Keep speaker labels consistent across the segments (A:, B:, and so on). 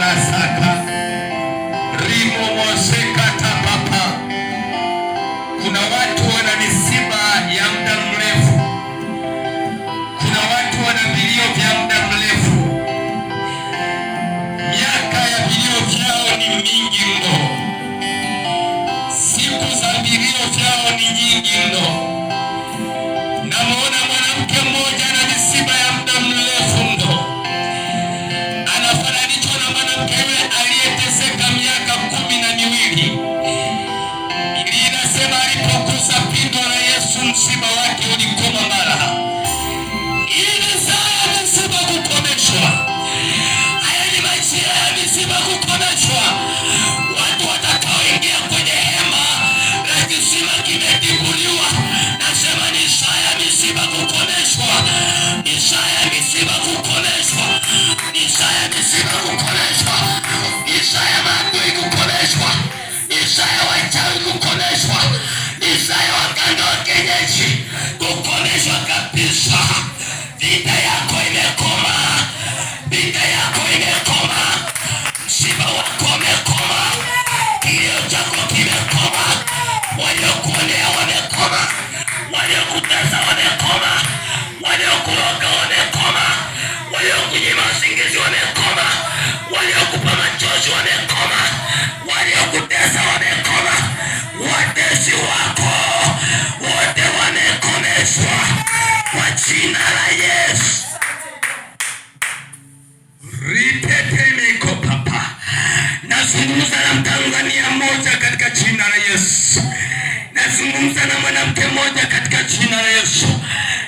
A: las papa Nazungumza na mtanzania mmoja katika jina la Yesu. Nazungumza na mwanamke mmoja katika jina la Yesu.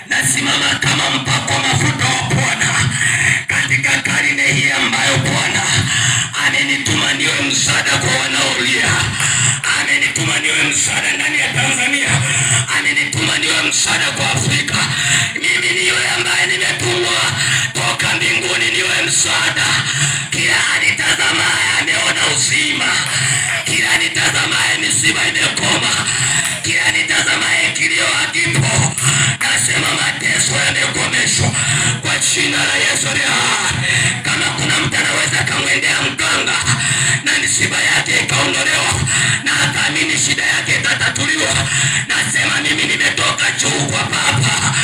A: Nasimama kama mpako mafuta wa Bwana katika karine hii ambayo Bwana amenituma niwe msaada kwa wanaolia, amenituma niwe msaada ndani ya Tanzania, amenituma niwe msaada kwa Afrika. Mimi niwe ambaye nimetumwa msaada. Kila anitazamaye ameona uzima, kila anitazamaye misiba imekoma, kila anitazamaye kilio hakipo. Nasema mateso yamekomeshwa kwa jina la Yesu. Kama kuna mtu anaweza kamwendea mganga na misiba yake ikaondolewa na akaamini shida yake itatatuliwa, nasema mimi nimetoka juu kwa Baba.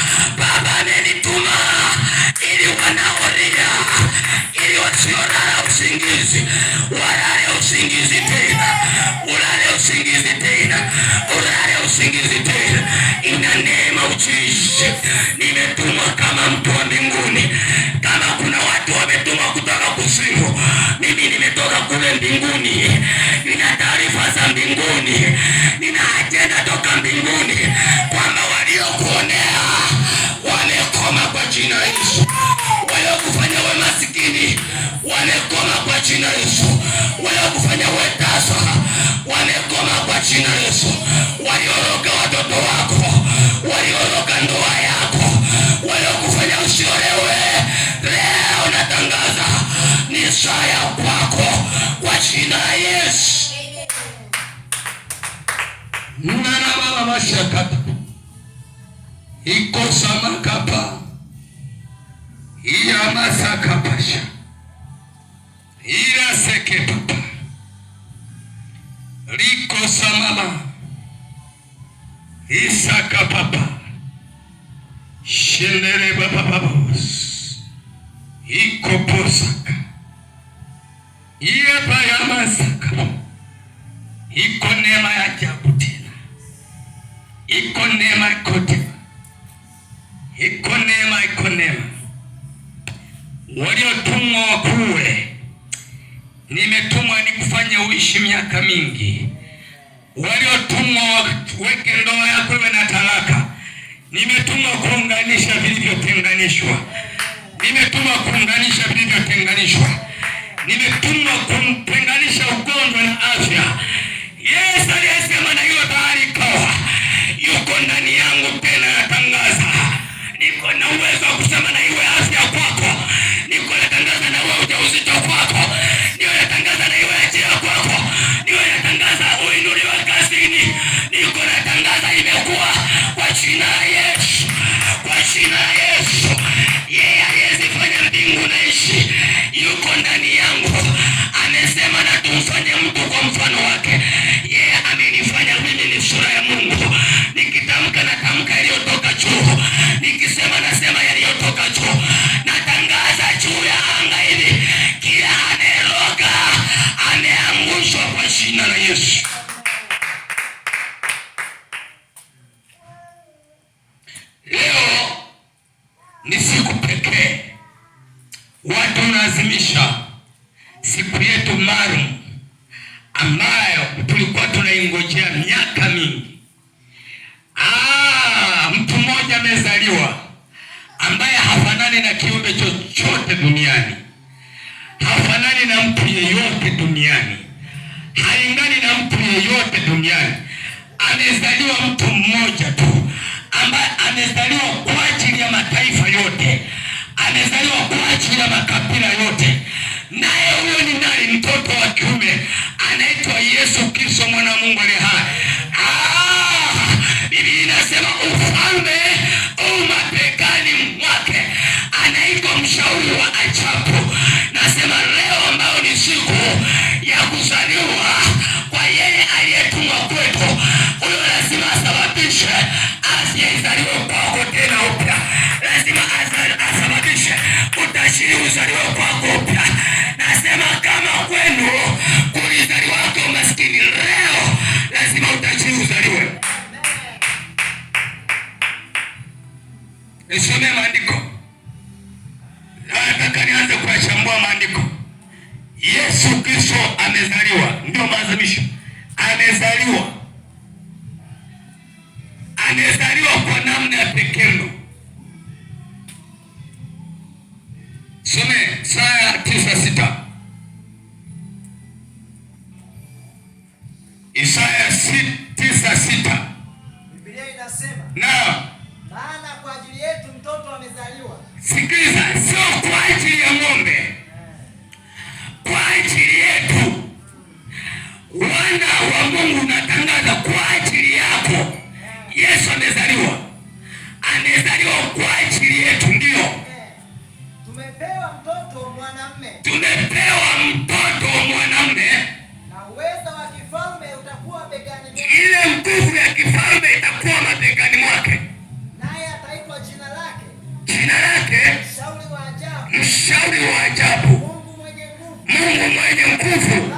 A: Mimi nimetoka kule mbinguni, nina taarifa za mbinguni, nina ajenda toka mbinguni kwamba waliokuonea wamekoma kwa jina Yesu, waliokufanya we masikini wamekoma kwa jina Yesu, waliokufanya we taswa wamekoma kwa jina Yesu, walioroga watoto wako, walioroga ndoa yako, walioku Isaya kwako kwa jina Yesu. nanavavavashakata ikosamakapa iyamasakapasha ilasekepapa likosamama isakapapa shendelevapapavos ikoposa kuishi miaka mingi, waliotumwa waweke ndoa yako iwe na talaka. Nimetumwa kuunganisha vilivyotenganishwa, nimetumwa kuunganisha vilivyotenganishwa, nimetumwa kumtenganisha ugonjwa na afya. Yesu aliyesema na hiyo tayari ikawa, yuko ndani yangu, tena yatangaza, niko na uwezo wa kusema na iwe afya kwako, niko miaka mingi. Ah, mtu mmoja amezaliwa ambaye hafanani na kiumbe chochote duniani, hafanani na mtu yeyote duniani, haingani na mtu yeyote duniani. Amezaliwa mtu mmoja tu ambaye amezaliwa kwa ajili ya mataifa yote, amezaliwa kwa ajili ya makabila yote, naye huyo ni aliyezaliwa kwa namna ya pekee mno. Some Isaya tisa sita Isaya tisa sita
B: Biblia inasema naam, maana kwa ajili yetu mtoto amezaliwa.
A: Sikiliza, sio kwa ajili ya ng'ombe, kwa ajili yetu wana wa Mungu na 我埋名苦读。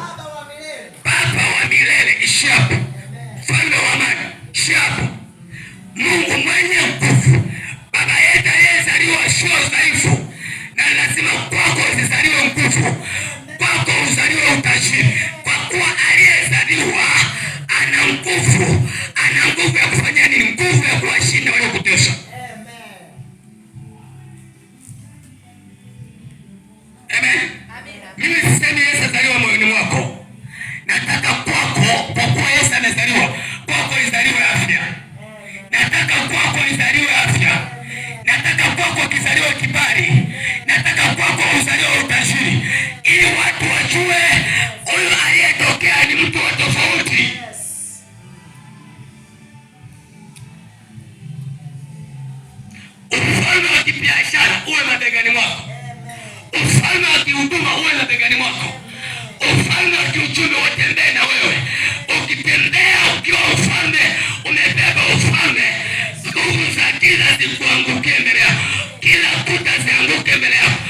A: wa kibiashara uwe mabegani mwako, ufalme wa kihuduma uwe mabegani mwako, ufalme wa kiuchumi utembee na wewe. Ukitembea ukiwa ufalme, umebeba ufalme, nguvu za giza zikuanguke mbele yako, kila kuta zianguke mbele yako.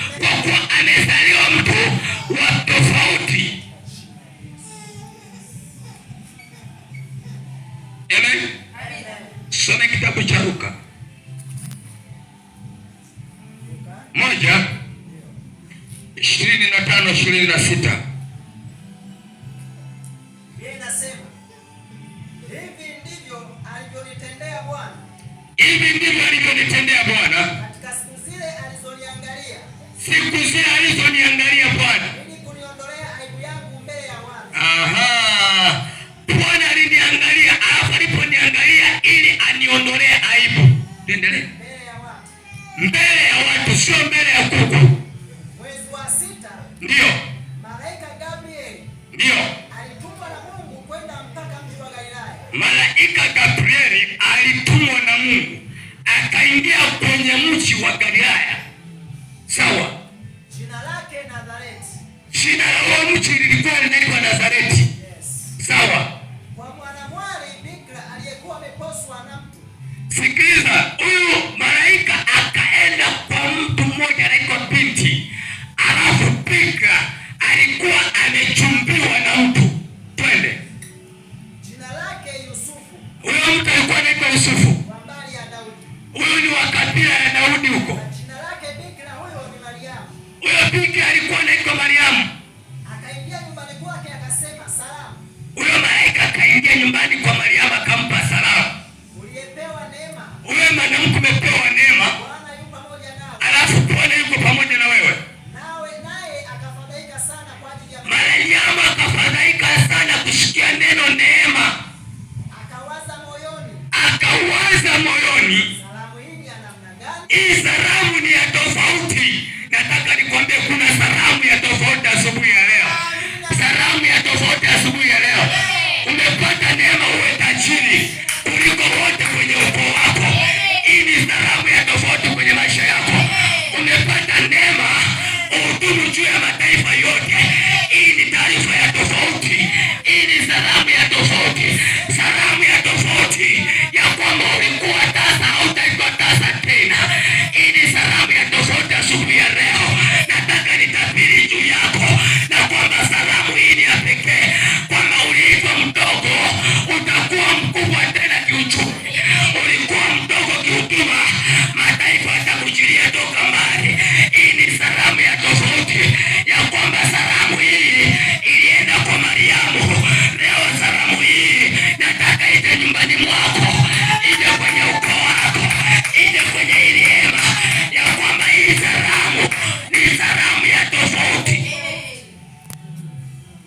A: ishirini na sita hivi ndivyo alivyonitendea Bwana siku zile alizoniangalia Bwana. Aha, Bwana aliniangalia, alafu aliponiangalia ili aniondolee aibu. Endelea. Mungu akaingia kwenye mji wa Galilaya, sawa.
B: Jina lake Nazareti,
A: jina la mji lilikuwa linaitwa Nazareti, yes. sawa kabila ya Daudi huko. Huyo bikira alikuwa anaitwa Mariamu. Huyo malaika akaingia nyumbani kwa Mariamu akampa salamu. Huyo mwanamke umepewa neema, alafu Bwana yuko pamoja na wewe. Mariamu akafadhaika sana kusikia neno neema